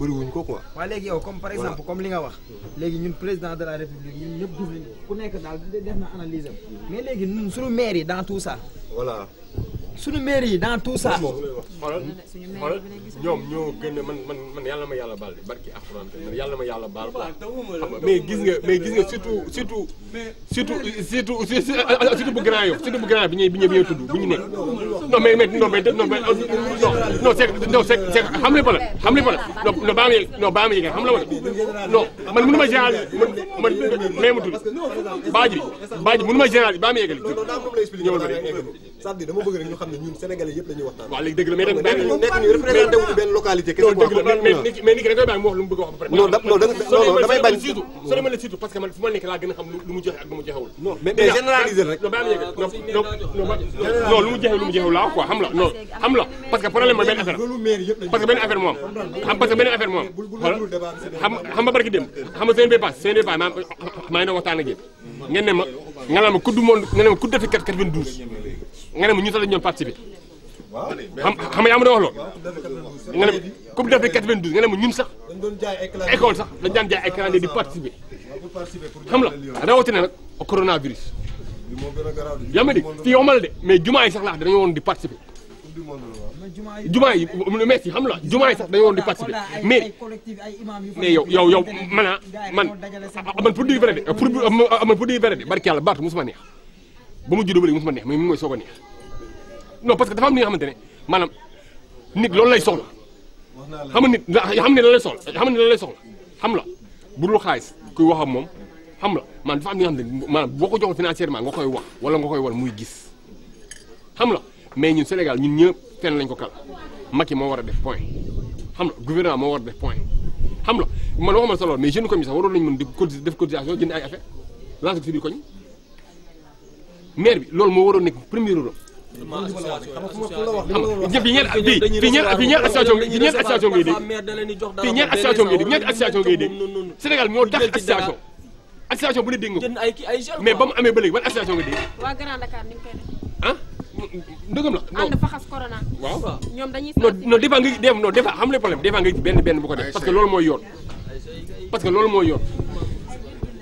bëriwuñ ko quoi. waaw léegi yow comme par exemple comme li nga wax. léegi ñun président de la république ñun ñëpp duuf ku nekk daal def na analyse mais léegi ñun suñu maire yi dans tout ça. voilà. sunu maire yi dans tout ça. xoolal ñoom ñoo gën a man yàlla ma yàlla baal barki alxuraan man yàlla ma yàlla baal mais gis nga mais gis nga surtout surtout surtout surtout bu grand yof surtout bu grand bi bi ñuy bi ñuy tudd bu ñu nekk xam nga pare xam nga xam la wala non ma général man man mais mu tudd ma de c'est-à-dire dama ma nekk laa gën a xam lu mu joxe ak lu mu joxewul. lu mu joxe lu mu joxewul xam la non xam la benn affaire parce benn affaire moom xam parce que dem xam nga seen bay pass seen bay pass maa ngi doon waxtaan ne ma nga ne ma coupe du monde ne ma coupe d'Afrique 92 nga ne ma ñu sax lañu doon participer. waaw xam xam nga yaa ma doon wax loolu. nga ne ma coupe d'Afrique 92 nga ne ma ñun sax. dañu doon jaay ay école sax dañu daan jaay ay calendrier di participer. xam la rawatina nag coronavirus. yaa ma di fii waxuma de mais jumaa yi sax laa dañoo woon di participer. jumaa yi mees yi xam la jumaa yi sax dañoo woon di participer mais mais yow yow yow man a ah, ah, man pour dire vrai de pour man pour dire vrai de barke yàlla baatu mosuma ba ma juddoo ba léegi mosuma neex mais mi ngi may neex non parce que dafa am li nga xamante ne maanaam nit loolu lay soxla xam nga nit xam ne la lay soxla xam ne la lay xam la bu dul xaalis kuy wax ak moom xam la man dafa am li nga xamante ne boo ko joxoon maa nga koy wax wala nga koy war muy gis xam la mais ñun Sénégal ñun ñëpp fenn lañ ko kal Macky moo war a def point xam la gouvernement moo war a def point xam la man waxuma la sa mais jeune commissaire waroon nañu mën di def cotisation jënd ay affaire lancé ko maire bi loolu moo waroo nekk premier rôle ñëpp yi ñeent bi fii ñeent fii ñeent association bi ñeent association fii ñeent association ngay dégg association ngay Sénégal moo tax association association bu dégg nga mais ba mu amee ba léegi ban association nga dégg ah ndëgëm la ànd faxas corona waaw ñoom dañuy non des fois nga def non des fois xam nga problème des fois nga benn benn bu ko def parce que loolu mooy yoon parce que loolu mooy yoon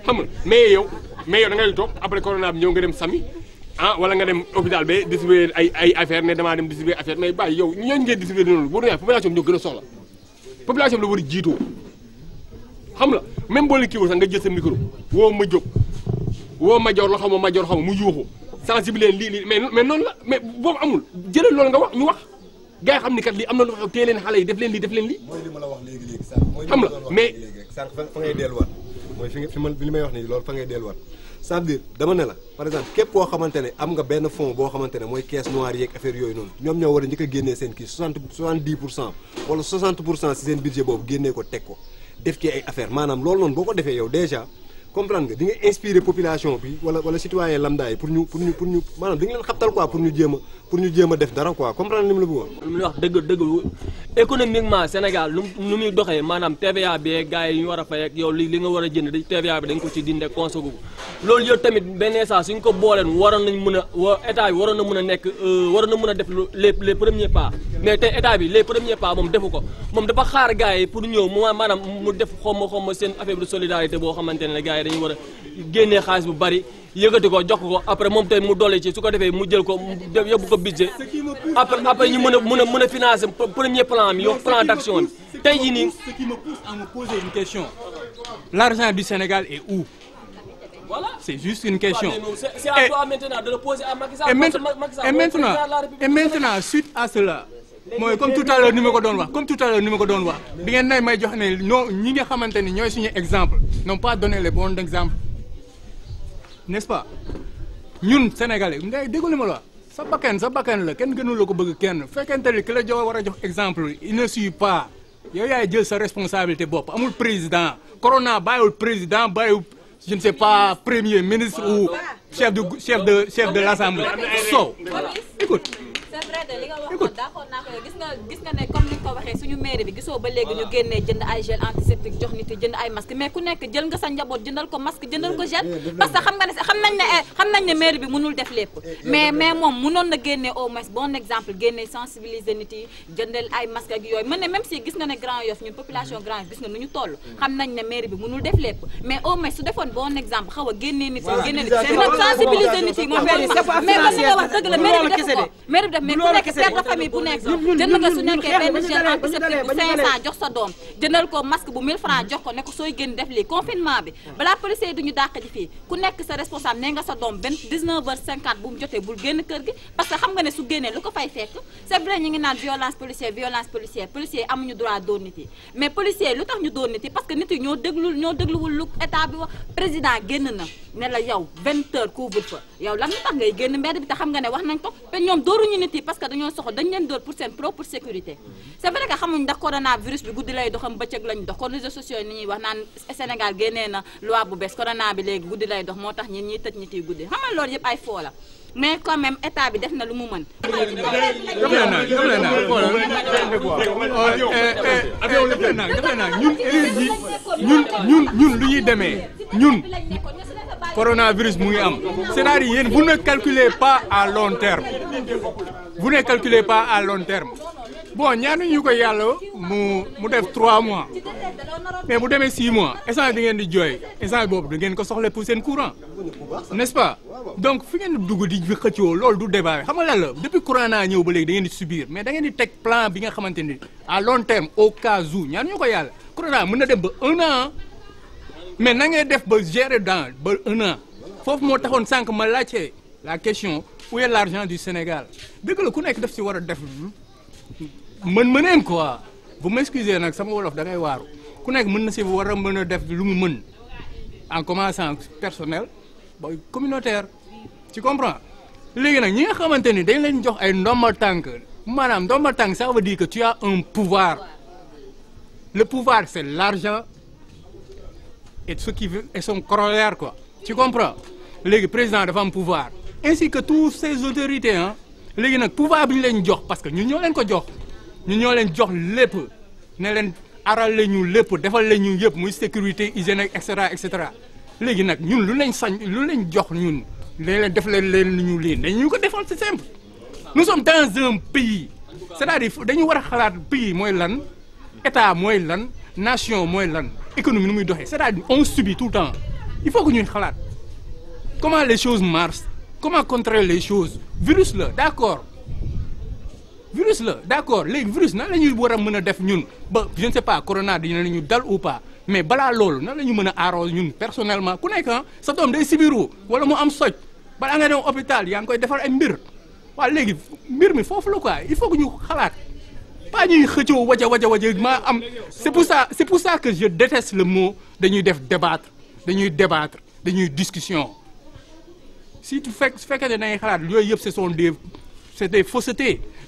xam nga mais yow mais yow da ngay toog après corona bi nga dem sami ah wala nga dem hôpital ba distribuer ay ay affaire ne damaa dem distribuer affaire mais bàyyi yow ñooñu ngeen distribuer noonu bu neex population bi ñoo gën a soxla population bi la war a jiitoo xam la même boo leen kiiwul nga jël sa ma jóg ma joor la xam ma ma joor xam mu yuuxu sensibiliser lii lii mais mais noonu la mais boobu amul jëlal loolu nga wax ñu wax gars yi xam ni kat lii am na lu xew tee leen xale yi def leen lii def leen lii. mooy ma la wax léegi léegi sax. mooy li ma la wax mooy fi nga fi ma li may wax nii loolu fa ngay delluwaat cest dama ne la par exemple képp koo xamante am nga benn fonds boo xamante ne mooy caisse noire yeeg affaire yooyu noonu ñoom ñoo war a njëkk a génnee seen kii 60 70 pour cent wala 60 pour cent si seen budget boobu génnee ko teg ko def ci ay affaire maanaam loolu noonu boo ko defee yow déjà comprendre nga di inspirer population bi wala wala citoyen lambda pour ñu a pour ñu jéem a def dara quoi comprendre ni mu la bëggoon. lu muy wax dëgg dëgg économiquement Sénégal nu muy doxee maanaam TVA bi gars yi ñu war a fay ak yow li li nga war a jënd TVA bi dañ ko ci dinde consogu ko tamit benn saa suñ ko booleen waroon nañ mën a wa état bi waroon na mun a nekk euh, waroon na mun a def les les premiers pas mais te état bi les premiers pas moom defu ko moom dafa xaar gars yi pour ñëw mu maanaam mu def xaw ma xaw ma seen affaire solidarité boo xamante ne gars yi dañu war a génnee xaalis bu bari yëkkati ko jox après moom tey mu doole ci su ko mu jël ko yóbbu ko budget après après ñu mën a mën a mën a financer premier plan bi yow plan d'action bi tey jii nii. ce qui me pousse à me l'argent du Sénégal est où. C'est juste une question. C'est à toi maintenant suite à mooy comme tout à l'heure ni ko doon wax comme tout ma ko doon wax bi ngeen nay may jox ne ñoo ñi nga xamante ni ñooy suñu exemple n'ont pas donné les bons exemples. n'est-ce pas ñun sénégalais ngay déglu ma la sa bakkan sa bakkan la kenn gënu la ko bëgg kenn fekkente ni ki la jox war a jox exemple il ne suit pas yow yaay jël sa responsabilité bopp amul président corona bàyyiwul président bàyyiwul je ne sais pas premier ministre ou chef de chef de chef de l'assemblée Sow écoute d'accord naa ko gis nga gis nga ne comme ni nga ko waxee suñu mairie bi gisoo ba léegi ñu génnee jënd ay gel antiseptique jox nit yi jënd ay masque mais mais mais moom wax dëgg la mairie bi def ko mairie bi def mais ku nekk père famille famille bu nekk jënd nekkee benn gel antiseptique bu 500 jox sa doom jëndal ko masque bu 1000 francs jox ko ne sooy génn def lii confinement bi balaa policier duñu dàq ji fii ku nekk sa responsable ne nga sa doom benn 19 heures bu mu jotee bul génn kër gi parce que xam nga ne su génnee lu ko fay fekk c'est vrai ngi naan violence policière violence policière policier amuñu droit dóor nit yi mais policier lu tax ñu dóor nit yi parce que nit yi leen dóor pour seen propre sécurité c'est vrai que xamuñ ndax coronavirus bi guddi lay doxam bëccëg lañ dox kon réseaux sociaux yi ni ñuy wax naan Sénégal génnee na loi bu bees corona bi léegi guddi lay dox moo tax ñin ñi tëj ñi tiy guddi xamal loolu yëpp ay foo la mais quand même état bi def na lu mu mën. daf leen na daf leen naan ñun élèves yi ñun ñun ñun lu ñuy demee ñun coronavirus mu ngi am c'est-à-dire yéen vous ne calculez pas à long terme vous ne calculez pas à long terme. bon ñu ko yàlla mu mu def trois mois mais mu demee 6 mois essence bi ngeen di jooy essence boobu da ngeen ko soxla pour seen courant n'est-ce pas donc fi ngeen dugg di xëccoo loolu du débat xam nga lan la depuis courant naa ñëw ba léegi da ngeen di subir mais da ngeen di teg plan bi nga xamante ni à long terme au cas où ñaanuñu ko yàlla courant naa mën na dem ba un mais na ngay def ba gérer dans ba un foofu moo taxoon sànq ma laajte la question où est l'argent du Sénégal dëgg la ku nekk def si war a def. mën mëneen quoi bu ma excusez nag sama wolof da ngay waaru ku nekk mën na si war a mën a def lu mu mën en commençant personnel ba communautaire ci comprends léegi nag ñi nga xamante ni dañ leen jox ay ndomba tànk maanaam ndomba tànk ça veut dire que tu as un pouvoir le pouvoir c'est l'argent et ce qui et son corollaire quoi ci comprends léegi président dafa am pouvoir ainsi que tous ces autorités ah léegi nag pouvoir bi ñu leen jox parce que ñu ñoo leen ko jox ñu ñoo leen jox lépp ne leen aral la ñu lépp defal la ñu yëpp muy sécurité hygiène et cetera et cetera léegi nag ñun lu lañ sañ lu lañ jox ñu léeg leen def leen leen lu ñu lii dañu ko defal c'est simple nous sommes dans un pays c'est-à-dire dañu war a xalaat pays mooy lan état mooy lan nation mooy lan économie nu muy doxee c'est-à-dire on subit tout le temps il faut que ñuy xalaat comment les choses marche comment contrer les choses virus la d'accord virus la d' accord léegi virus nan la ñuy war mën a def ñun ba je ne sais pas corona dina la dal au pas mais balaa loolu nan la ñu mën a aaroo ñun personnellement ku nekk ah sa doom day sibiru wala mu am soj balaa nga dem hôpital yaa ngi koy defar ay mbir waa léegi mbir mi foofu la quoi il faut que ñu xalaat pas ñuy xëccoo waja waja waja maa am c' est pour ça c' est pour ça que je déteste le moo dañuy def débattre dañuy débattre dañuy discussion si tu fekk su fekkee ne xalaat yooyu yëpp ce sont des c' est des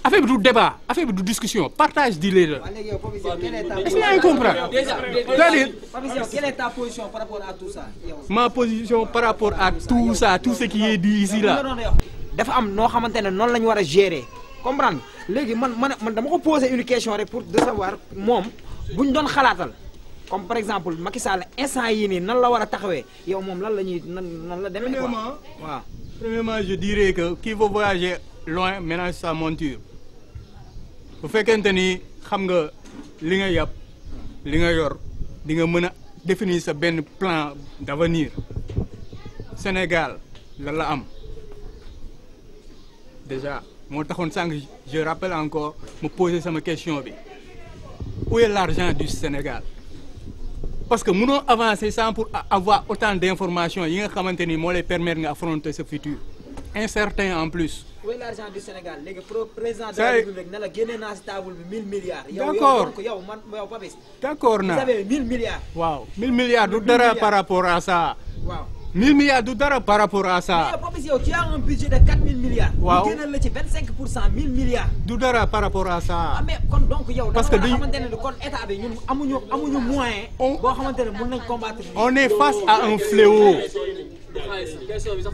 affaire bi du débat affaire bi du discussion partage d'idées la. par rapport à tout ça. ma position par rapport à tout ça tout ce qui est dit ici là. dafa am noo xamante ne noonu la ñu war a gérer comprendre léegi man man dama ko poser une question rek pour de savoir moom bu ñu doon xalaatal. comme par exemple Macky Sall instant yii nii nan la war a taxawee yow moom lan la ñuy nan nan la demee quoi waaw. premièrement je dirais que qui veut voyager loin ménage sa monture. bu fekkente ni xam nga li nga yàpp li nga yor di nga mën a définir sa benn plan d'avenir Sénégal lan la am déjà moo taxoon sànq je rappelle encore mu poser sama question bi où est l'argent du Sénégal parce que mënoo avancer sans pour avoir autant d'informations yi nga xamante ni moo lay permettre nga affronter sa futur incertain en plus. oui l'argent du Sénégal léegi président de la République ne la génne naa si table bi 1000 milliards. yow yow man yow Papis. d'accord naa vous avez 1000 milliards. waaw 1000 milliards du dara par rapport à ça. waaw 1000 milliards du dara par rapport à ça. mais Papis yow tu as un budget de 4000 milliards. waaw mu génneel la ci 25 pour cent 1000 milliards. du dara par rapport à ça. ah mais kon donc yow. parce que dañu xamante ne kon état bi ñun amuñu amuñu moyen. boo xamante ne mën nañu combattre. on est face à un fléau. xaalis question bi sax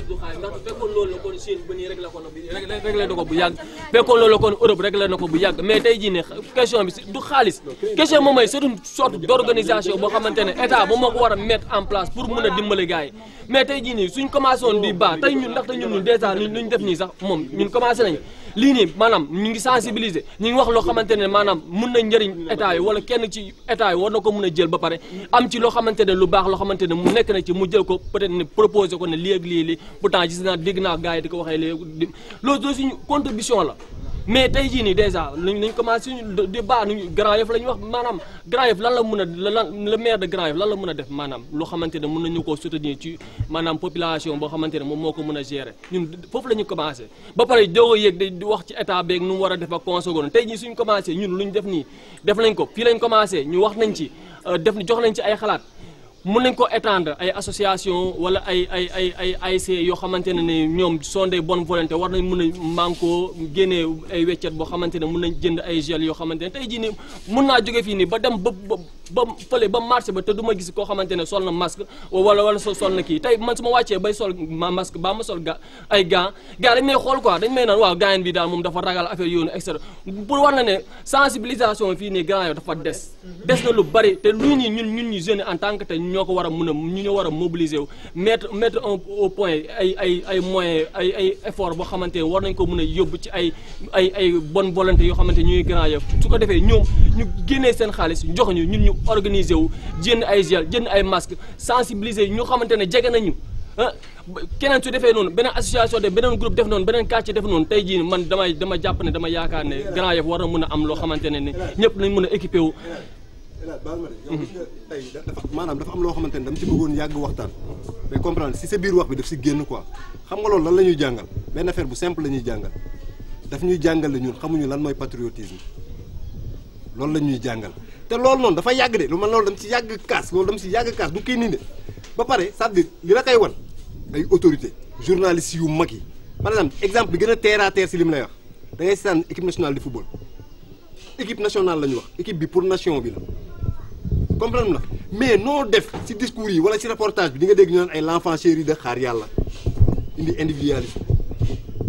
na ko bu yàgg fekkoon loolu la Europe rek na ko bu yàgg mais tey jii ne question bi du xaalis question moom mooy c'est une d'organisation boo xamante ne état moom moo war a mettre en place pour mën a dimbali gars yi mais tey jii nii suñ commencé woon di baax tey ñun ndax tey ñun ñun dèjà luñ def nii sax moom ñun commencé nañ lii nii maanaam ñu ngi sensibiliser ñu ngi wax loo xamante ne maanaam mun na njëriñ état yi wala kenn ci état yi war na ko mun a jël ba pare am ci loo xamante ne lu baax loo xamante ne mu nekk na ci mu jël ko peut-être ne proposé ko ne lii ak lii lii pourtant gis naa dégg naa gars yi di ko waxee léegi loolu suñu contribution la mais tey jii nii dèjà nañ commencé ñu di baax nuñu Grand Yoff la ñuy wax maanaam Grand Yoff lan la mën a lan le maire de Grand la mën a def maanaam loo xamante ne mën nañu koo soutenir ci maanaam population boo xamante ne moom moo ko mën a gérer ñun foofu la ñu commencé ba pare doo ko yëg di wax ci état beeg nu mu war a def ak conséquence tey jii suñ commencé ñun lu def nii def nañ ko fii lañ commencé ñu wax nañ ci euh, def jox nañ ci ay xalaat mun nañ ko étendre ay association wala ay ay ay ay yoo xamante ne ne ñoom sont des bonnes volontés war nañ mun a mànkoo génnee ay weccet boo xamante ne mun nañ jënd ay gel yoo xamante ne tey jii nii mun naa jóge fii nii ba dem ba ba fële ba marché ba te du gis koo xamante ne sol na masque wala wala sol na kii tey man su ma wàccee bay sol ma masque baa ma sol ga ay gants gars dañ may xool quoi dañ may naan waaw gaayen bi daal moom dafa ragal affaire ñoo ko war a mën a ñu ñoo war a mobiliser wu mettre mettre au point ay ay ay moyens ay ay effort boo xamante ne war nañ ko mun a yóbbu ci ay ay ay bonne volonté yoo xamante ñuy grand yof su ko defee ñoom ñu génnee seen xaalis jox ñu ñun ñu organiser wu jënd ay gel jënd ay masque sensibiliser ñu xamante ne jege nañu ah keneen su defee noonu beneen association de beneen groupe def noonu beneen quartier def noonu tey jii man damay dama jàpp ne dama yaakaar ne grand yof war na mun a am loo xamante ne ne ñëpp nañ mën a équipé wu baal ma dafa maanaam dafa am loo xamante ne dama ci bëggoon yàgg waxtaan mais comprendre si sa biir wax bi daf si génn quoi xam nga loolu lan la jàngal benn affaire bu simple la ñuy jàngal daf ñuy jàngal la xamuñu lan mooy patriotisme loolu la ñuy jàngal te loolu noonu dafa yàgg lu man loolu dama si yàgg kaas loolu dama si yàgg kaas du kii nii de ba pare c'est-à-dire li la koy wan ay autorité journalistes yu mag yi par exemple exemple bi gën a terre à terre si li mu lay wax da ngay seetaan équipe nationale de football équipe nationale la ñu wax équipe bi pour nation bi la comprendre nga mais noo def ci discours yi wala si reportage bi di nga dégg ñu naan ay l'enfant chéri de xaar yàlla indi individualisme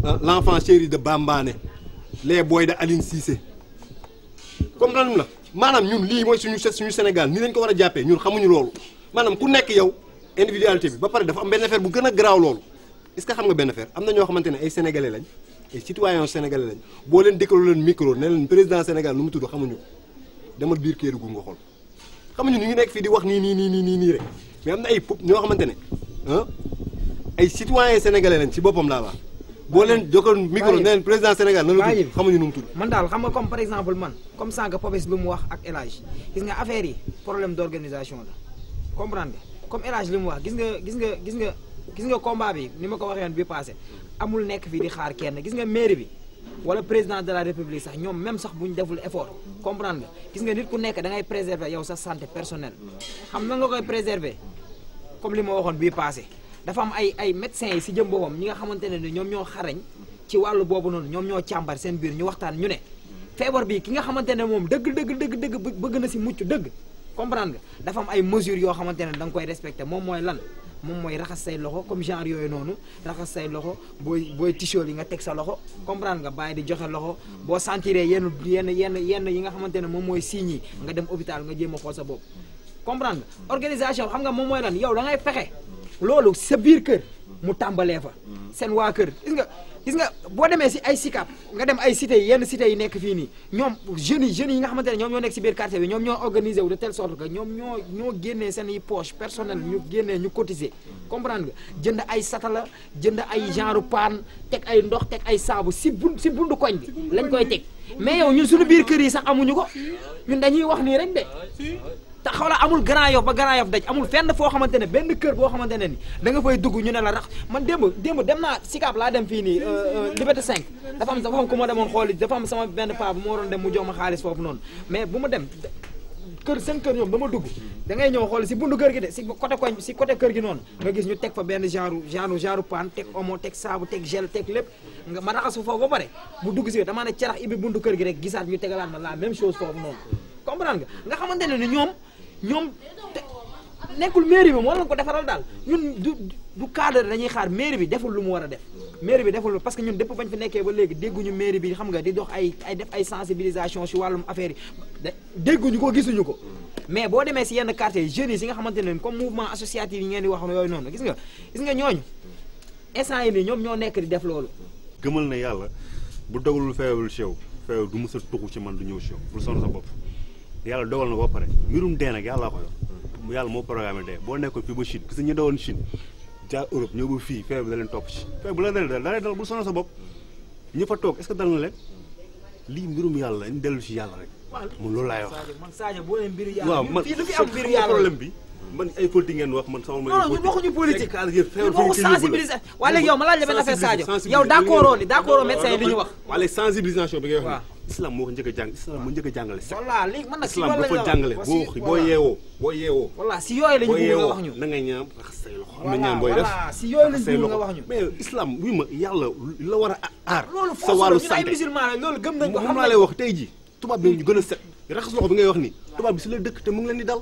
ah, l'enfant chéri de Bambane les boys de Aline Cissé comprendre la maanaam ñun lii mooy suñu suñu Sénégal ni lañ ko war a jàppee ñun xamuñu loolu maanaam ku nekk yow individualité bi ba pare dafa am benn affaire bu gën a garaaw loolu est-ce que xam nga benn affaire am na ñoo xamante ne ay sénégalais lañ ay citoyens sénégalais lañ leen dëkkaloo leen micro ne leen président Sénégal nu mu tudd xamuñu demal biir Kédougou nga xool. xam ñu ñu nekk fii di wax nii nii nii nii nii nii rek mais am na ay pop ñoo xamante ne ah ay citoyens sénégalais lañ ci boppam laa wax. boo leen jokkoon micro ne leen président Sénégal nan la tudd xamuñu nu mu tudd. man daal xam nga comme par exemple man comme sànq Papis lu mu wax ak El Hadj gis nga affaire yi problème d' organisation la comprendre nga comme El Hadj li mu wax gis nga gis nga gis nga gis nga combat bi ni ma ko waxee woon bi passé amul nekk fii di xaar kenn gis nga mairie bi. wala président de la république sax ñoom même sax bu ñu deful effort comprendre nga gis nga nit ku nekk da ngay préserver yow sa santé personnelle xam na nga koy préserver comme li ma waxoon bii passé dafa am ay ay médecins yi si jëm boppam ñi nga xamante ne ni ñoom ñoo xarañ ci wàll boobu noonu ñoom ñoo càmbar seen biir ñu waxtaan ñu ne feebar bi ki nga xamante ne moom dëgg dëgg dëgg dëgg bëgg na si mucc dëgg comprendre nga dafa am ay mesures yoo xamante ne da nga koy respecté moom mooy lan moom mooy raxas say loxo comme genre yooyu noonu raxas say loxo booy booy tisool yi nga teg sa loxo comprendre nga bàyyi di joxe loxo boo santiree yenn yenn yenn yenn yi nga xamante ne moom mooy signes nga dem hôpital nga jéem a xool sa bopp comprendre nga organisation xam nga moom mooy lan yow da ngay fexe loolu sa biir kër mu tàmbalee fa seen waa kër gis nga gis nga boo demee si ay SICAP nga dem ay cité yi yenn cité nekk fii nii ñoom jeunes yi yi nga xamante ne ñoom ñoo nekk si biir quartier bi ñoom ñoo organisé wu de telle sorte que ñoom ñoo ñoo génnee seen i poche personnel ñu génnee ñu cotiser comprendre jënd ay satala jënd ay genre paan teg ay ndox teg ay saabu si bun si bundu koñ bi lañ koy teg mais yow ñun suñu biir kër yi sax amuñu ko ñun dañuy wax nii rek de te xoola amul Grand Yoff ba Grand Yoff daj amul fenn foo xamante ne benn kër boo xamante ne ni da nga fay dugg ñu ne la rax man démb démb dem naa Sicap laa dem fii nii euh, euh, Liberté 5 dafa am dafa am ku ma demoon xooli dafa am sama benn paa bu ma waroon dem mu jox ma xaalis foofu noonu mais bu ma dem kër seen kër ñoom dama dugg da ngay ñëw xool si bundu kër gi de si côté koñ si côté kër gi noonu nga gis ñu teg fa benn genre genre genre pan teg omo teg saabu teg gel teg lép nga ma raxasu foofu ba pare mu dugg si damaa ne carax ibi bundu kër gi rek gisaat ñu tegalaat ma la même chose foofu noonu comprendre nga nga xamante ne ni ñoom ñoom nekkul mairie bi moo leen ko defaral daal ñun du du cadre dañuy xaar mair bi deful lu mu war a def mairie bi deful parce que ñun dëpp bañ fi nekkee ba léegi dégguñu mairie bi xam nga di dox ay ay def ay sensibilisation ci wàllum affaire yi dégguñu ko gisuñu ko mais boo demee si yenn quartier jeunes yi nga xamante ne comme mouvement associatif yi ngeen di wax yooyu noonu gis nga gis nga ñooñu instant yi nii ñoom ñoo nekk di def loolu gëmal na yàlla bu dogalul feewul ci yow feew du mës a ci man du ñëw ci yow bul sonn sa bopp yàlla dogal na ko ba pare mbirum dee nag yàlla ko yor yàlla moo programme dee boo nekkoon fii ba Chine gis nga ñu dawoon Chine jaar Europe ñëw ba fii feebar bi da topp ci feebar bu la dalee dalee bu sonal sa bopp ñu fa toog est-ce que dal na leen lii mbirum yàlla ñu dellu ci yàlla rek man loolu laay waaw man problème bi man ay politique ngeen wax man sama ma non ñun waxuñu politique ñun waxu sensibilisation waa léegi yow ma laaj la benn affaire Sadio yow d'accord li d'accord médecin li ñu wax waa léegi sensibilisation bi ngay wax islam moo ko njëkk a jàng islam moo njëkk a jàngale. voilà léegi man nag si islam dafa jàngale boo boo yeewoo boo yeewoo. si yooyu lañu bëgg nga wax ñu na ngay ñaam raxas say loxo. ñaam booy def si yooyu lañu wax ñu. mais ma yàlla la war a aar. sa wàllu santé loolu force la ñun ay musulman la lay wax tey jii tubaab bi ñu gën a set raxas loxo bi ngay wax nii tubaab bi si la dëkk te mu ngeen di dal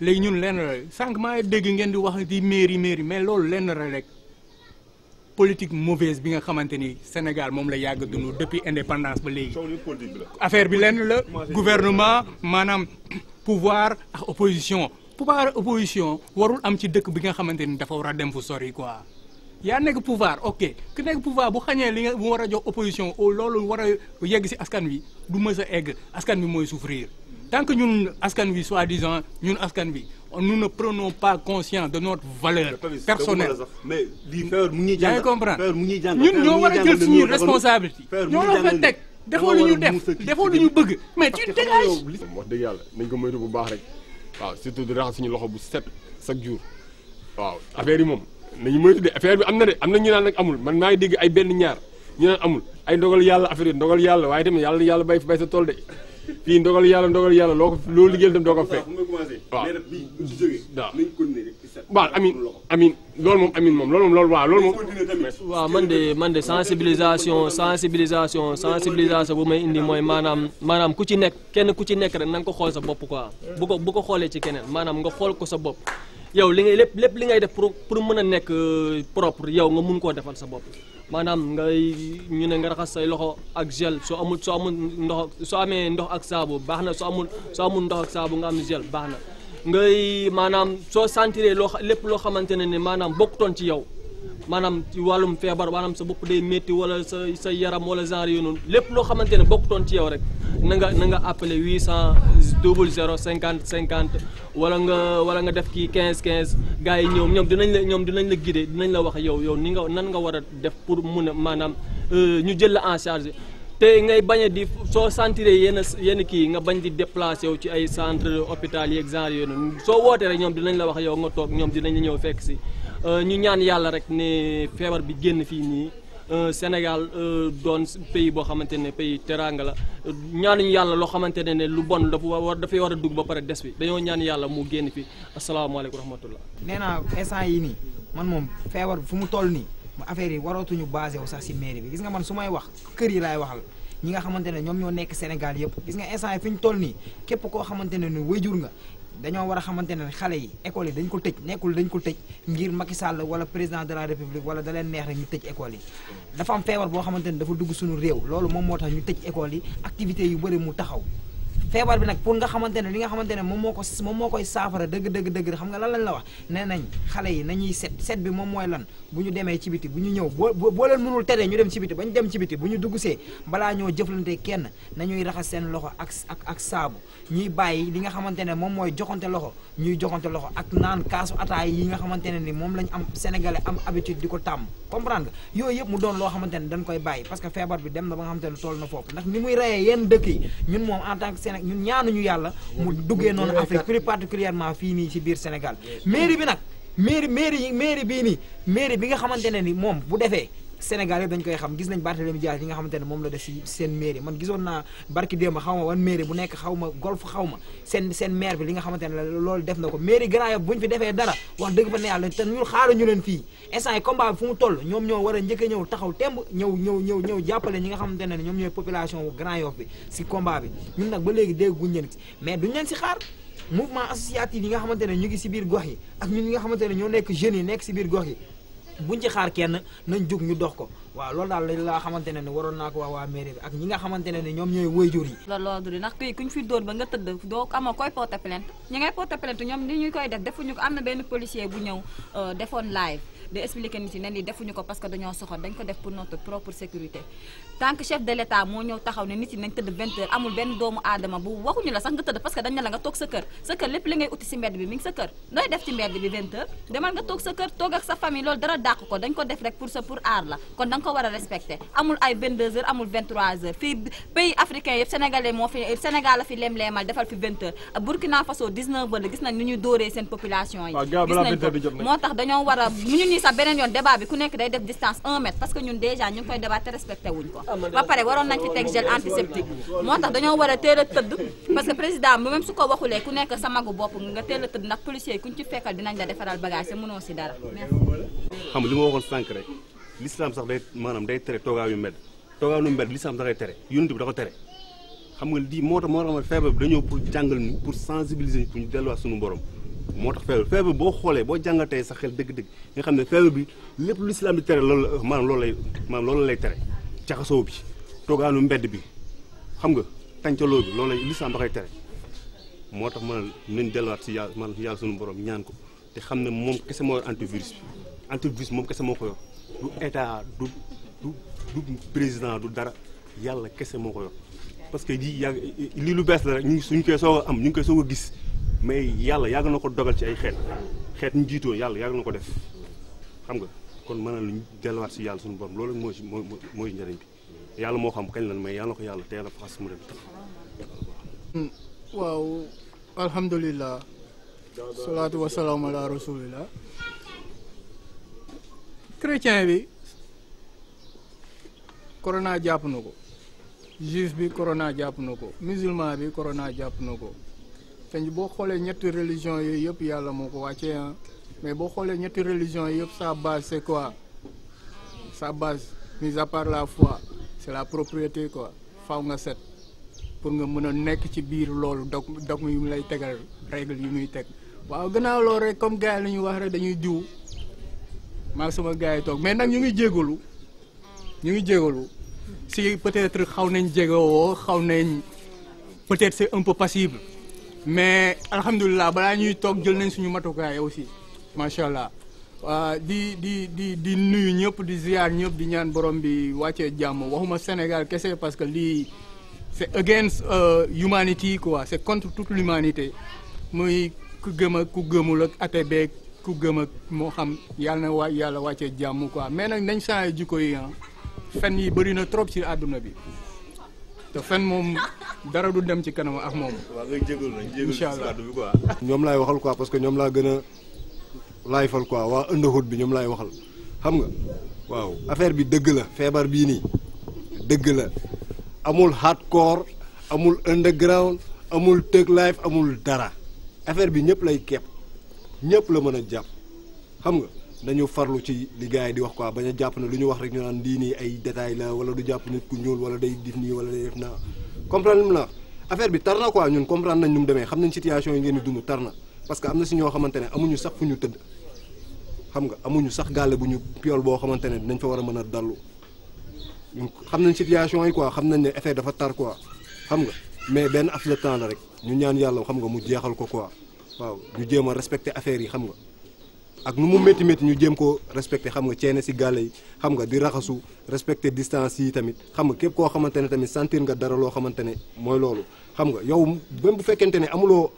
léegi ñun lenn la sànq maa dégg ngeen di wax di mairie mairie mais loolu leen la rek politique mauvaise bi nga xamante ni Sénégal moom la yàgg dund depuis indépendance ba léegi. affaire bi lenn la gouvernement maanaam pouvoir ak opposition pouvoir opposition warul am ci dëkk bi nga xamante ni dafa war a dem fu sori quoi. yaa nekk pouvoir ok ku nekk pouvoir bu xañee li nga bu war a jox opposition loolu war a yegg si askan wi du mës a egg askan wi mooy souffrir. tant que ñun askan wi soi-disant ñun askan wi nous ne prenons pas conscience de notre valeur personnelle mais lii ngi jàng comprendre ñun ñoo war a jël suñuy responsabilité ñoo war a teg defoo lu def defoo lu bëgg mais tu dégages wax dëgg baax rek waaw surtout di raxas suñu loxo bu set chaque jour waaw affaire yi moom nañu moytu de affaire bi am na de am na ñu naan nag amul man maa ngi dégg ay benn ñaar ñu naan amul ay ndogal yàlla affaire yi ndogal yàlla waaye tamit yàlla yàlla bay bay sa tool de fii ndogal yàlla ndogal yàlla loo ko loolu liggéeyal dem doo ko fekk waaw waaw amin amin loolu moom amin moom loolu moom loolu waaw loolu moom man de man de sensibilisation sensibilisation sensibilisation bu may indi mooy maanaam maanaam ku ci nekk kenn ku ci nekk rek na nga ko xool sa bopp quoi bu ko bu ko xoolee ci keneen maanaam nga xool ko sa bopp yow li ngay lépp lépp li ngay def pour pour mën a nekk euh, propre yow nga mun koo defal sa bopp maanaam ngay ñu ne nga raxas say loxo ak gel soo amul soo amul ndox soo amee ndox ak saabu baax na soo amul soo amul ndox ak saabu nga am gel baax na ngay maanaam soo sentiree loo lépp loo xamante ne ne maanaam bokkutoon ci yow maanaam ci wàllum feebar maanaam sa bopp day métti wala sa sa yaram wala genre yu noonu lépp loo xamante ne toon ci yow rek na nga na nga appelé 800 double 0 cinquante cinquante wala nga wala nga def kii quinze 15 gars yi ñoom ñoom dinañ la ñoom dinañ la guider dinañ la wax yow yow ni nga nan nga war a def pour mun a maanaam euh, ñu jël la en te ngay bañ a di soo sentir yenn yenn kii nga bañ di déplacé wu ci ay centre hôpital yi ak genre yooyu noonu soo wootee rek dinañ la wax yow nga toog ñoom dinañ la ñëw fekk si. Euh, ñu ñaan yàlla rek ne feebar bi génn fii nii euh, Sénégal euh, doon pays boo xamante ne pays teraanga la ñaanuñu yàlla loo xamante ne ne lu bon dafa war dafay war a dugg ba pare des bi dañoo ñaan yàlla mu génn fii asalaamaaleykum rahmatullah. nee naa instant yi nii man moom feebar fu mu toll nii affaire yi warootuñu basé wu sax si mairie bi gis nga man su may wax kër yi laay waxal. ñi nga xamante ne ñoom ñoo nekk Sénégal yëpp gis nga instant yi fi ñu toll nii képp koo xamante ne ni wayjur nga dañoo war a xamante ne xale yi école yi dañ ko tëj nekkul dañ ko tëj ngir Macky Sall wala président de la république wala da leen neex rek ñu tëj école yi dafa am feebar boo xamante ne dafa dugg suñu réew loolu moom moo tax ñu tëj école yi activité yu bëri mu taxaw feebar bi nag pour nga xamante ne li nga xamante ne moom moo ko moom moo koy saafara dëgg dëgg dëgg xam nga lan lañ la wax nee nañ xale yi nañuy set set bi moom mooy lan bu ñu demee ci biti bu ñu ñëw boo boo leen mënul teree ñu dem ci biti ba ñu dem ci biti bu ñu dugg see balaa ñoo jëflante kenn nañuy raxas seen loxo ak ak ak saabu ñuy bàyyi li nga xamante ne moom mooy joxante loxo ñuy joxante loxo ak naan kaasu ataay yi nga xamante ne ni moom lañ am sénégalais am habitude di ko tàmm comprendre nga yooyu yëpp mu doon loo xamante ne dañ koy bàyyi parce ñun ñaanuñu yàlla mu duggee noonu Afrique plus particulièrement fii nii ci biir Sénégal mairie bi nag mairie mairie yi mairie bii nii mairie bi nga xamante ne ni moom bu defee Sénégal yëpp dañ koy xam gis nañ Barthélemy Dias yi nga xamante ne moom la def si seen mairie man gisoon naa barki démb xaw ma wan mairie bu nekk xaw ma golf xaw seen seen maire bi li nga xamante ne loolu def na ko mairie Grand Yoff buñ fi defee dara wax dëgg fa ne yàlla te ñun xaaru ñu fii instant yi combat bi fu mu toll ñoom ñoo war a njëkk a ñëw taxaw temb ñëw ñëw ñëw jàppale ñi nga xamante ne ñoom ñooy population wu Grand Yoff bi si combat bi ñun nag ba léegi dégguñ leen mais duñ leen si xaar mouvement associatif yi nga xamante ne ñu ngi si biir gox yi ak ñun ñi nga xamante ne ñoo nekk jeunes yi nekk si biir gox yi buñ ci xaar kenn nañ jug ñu dox ko waaw loolu daal lañ laa xamante ne ni waroon naa ko wax waa mairie bi ak ñi nga xamante ne ni ñoom ñooy waajur yi lool loolu di ndax kii kuñ fi dóor ba nga tëdd doo amoo koy porter plainte ñi ngay porter plainte ñoom ni ñu koy def defuñu ko am na benn policier bu ñëw euh, defoon live di expliquer nit yi ne lii defuñu ko parce que dañoo soxor dañ ko def pour notre propre sécurité tant chef de l'état moo ñëw taxaw ne nit yi nañ tëdd 20 amul benn doomu aadama bu waxuñu la sax nga tëdd parce que dañ ne la nga toog sa kër sa kër lépp li ngay uti si mbedd bi mi sa kër nooy def ci mbedd bi 20 demal nga toog sa kër toog ak sa famille loolu dara dàq ko dañ ko def rek pour sa pour aar la kon da nga ko war a respecté amul ay 22 sax beneen yoon débat bi ku nekk day def distance 1 mètre parce que ñun déjà ñu koy débat te respecté wuñ ko ah, ba pare waroon nañ ci teg gel antiseptique moo tax dañoo war a a tëdd parce que président bi même su ko waxulee ku nekk sa magu bopp nga teel a tëdd ndax policier yi kuñ ci fekkal dinañ la defaral bagage te mënoo si dara xam nga li ma waxoon sànq rek l'islam sax day maanaam day tere toogaaw yu mbedd toogaaw yu mbedd l'islam sax day tere yonent bi da ko pour jàngal ñu pour sensibiliser borom moo tax feebar feebar boo xoolee boo jàngatee sa xel dëgg-dëgg nga xam ne feebar bi lépp lu islam di tere loolu maanaam loolu lay maanaam loolu lay tere caxasoo bi toogaanu mbedd bi xam nga tàncaloo bi loolu lay lislam da koy tere moo tax man nañ delluwaat si yàlla man yàlla suñu borom ñaan ko te xam ne moom kese moo yor antivirus bi antivirus moom kese moo ko yor du état du du du président du dara yàlla kese moo ko yor parce que lii yàgg lii lu bees la rek ñu ngi suñu koy soog am ñu ngi koy soog gis mais yàlla yàgg na ko dogal ci ay xeet xeet ñu jiitoo yàlla yàgg na ko def xam nga kon mën na lu delluwaat si yàlla suñu borom loolu moo ci moo mooy njariñ bi yàlla moo xam kañ lan mais yàlla ko yàlla teel a faxas mu dem. waaw alhamdulilah. salaatu wa salaam ala rasulillah. bi corona jàpp na ko juif bi corona jàpp na ko musulman bi corona jàpp na ko. te boo xoolee ñetti religion yooyu yëpp yàlla moo ko wàccee ah mais boo xoolee ñetti religion yooyu yëpp sa base c'est quoi sa base mis à part la foi c'est la propriété quoi faw nga set pour nga mën a nekk ci biir loolu dog dog yu mu lay tegal règle yu muy teg waaw gannaaw loolu rek comme gars yi la ñuy wax rek dañuy diw maa sama gars yi toog mais nag ñu ngi jégalu ñu ngi jégalu si peut-être xaw nañ jégawoo xaw nañ peut-être c'est un peu passible mais alhamdulilah balaa ñuy toog jël nañ suñu matukaay aussi macha allah ah, di di di di nuyu ñëpp di ziar ñëpp di ñaan borom bi wàccee jàmm waxuma Sénégal kese parce que lii c'est against euh, humanity quoi c'est contre toute l'humanité mooy ku gëm ak ku gëmul ak ate ku gëm ak moo xam yàlla na waa yàlla wàccee jàmm quoi mais nag nañ changé jikko yi ah fen yi bëri na trop ci àdduna bi. te fen moom dara du dem ci kanam ak moom. waaw léegi jégalu ñoom lay waxal ko parce que ñoom laa gën a laay fal quoi waa ëndëxut bi ñoom laay waxal xam nga waaw affaire bi dëgg la feebar bii nii dëgg la amul hardcore amul underground amul tëg life amul dara affaire bi ñëpp lay kepp ñëpp la mën a jàpp xam nga. nañu farlu ci li yi di wax quoi bañ a jàpp na lu ñu wax rek ñu naan lii nii ay détails la wala du jàpp nit ku ñuul wala day def nii wala day def naa comprendre la affaire bi tar na quoi ñun comprendre nañ nu mu demee xam nañ situation yi ngeen di dund tar na parce que am na si ñoo xamante ne amuñu sax fu ñu tëdd xam nga amuñu sax gaale bu ñu piol boo xamante ne dinañ fa war a mën a dallu ñun xam nañ situation yi quoi xam nañ ne effet dafa tar quoi xam nga mais benn af le rek ñu ñaan yàlla xam mu jeexal ko quoi waaw ñu jéem a respecté affaire yi xam nga ak nu mu métti métti ñu jéem koo respecté xam nga ceene si gàlle yi xam nga di raxasu respecté distance yi tamit xam nga képp koo xamante ne tamit santiir nga dara loo xamante ne mooy loolu xam nga yow même bu fekkente ne amuloo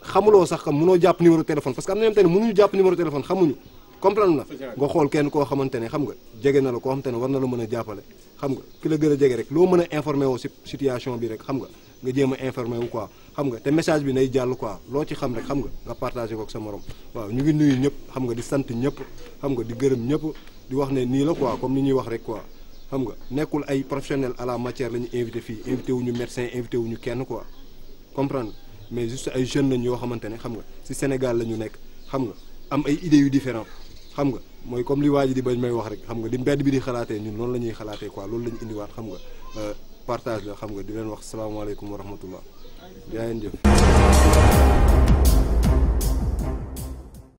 xamuloo sax xam munoo jàpp numéro téléphone parce que am na mu tamit mënuñu jàpp numéro téléphone xamuñu comprendre na nga xool kenn koo xamante ne xam nga jege na la koo xamante ne war na la mën a jàppale xam nga ki la gën a jege rek loo mën a informé woo si situation bi rek xam nga nga jéem a informé wu quoi xam nga te message bi nay jàll quoi loo ci xam rek xam nga nga partagé ko ak sa morom waaw ñu ngi nuyu ñëpp xam nga di sant ñëpp xam nga di gërëm ñëpp di wax ne nii la quoi comme ni ñuy wax rek quoi xam nga nekkul ay professionnel à la matière la ñu invité fii invité wuñu médecin invité wuñu kenn quoi comprendre mais juste ay jeunes lañ yoo xamante ne xam nga si Sénégal la ñu nekk xam nga am ay idées yu différent xam nga mooy comme li waa may wax rek xam nga li mbedd bi di xalaatee ñun loolu la ñuy xalaatee quoi loolu la indiwaat xam nga euh, partage la xam nga di leen wax salaamaaleykum wa rahmatullah yaa ngeen jëf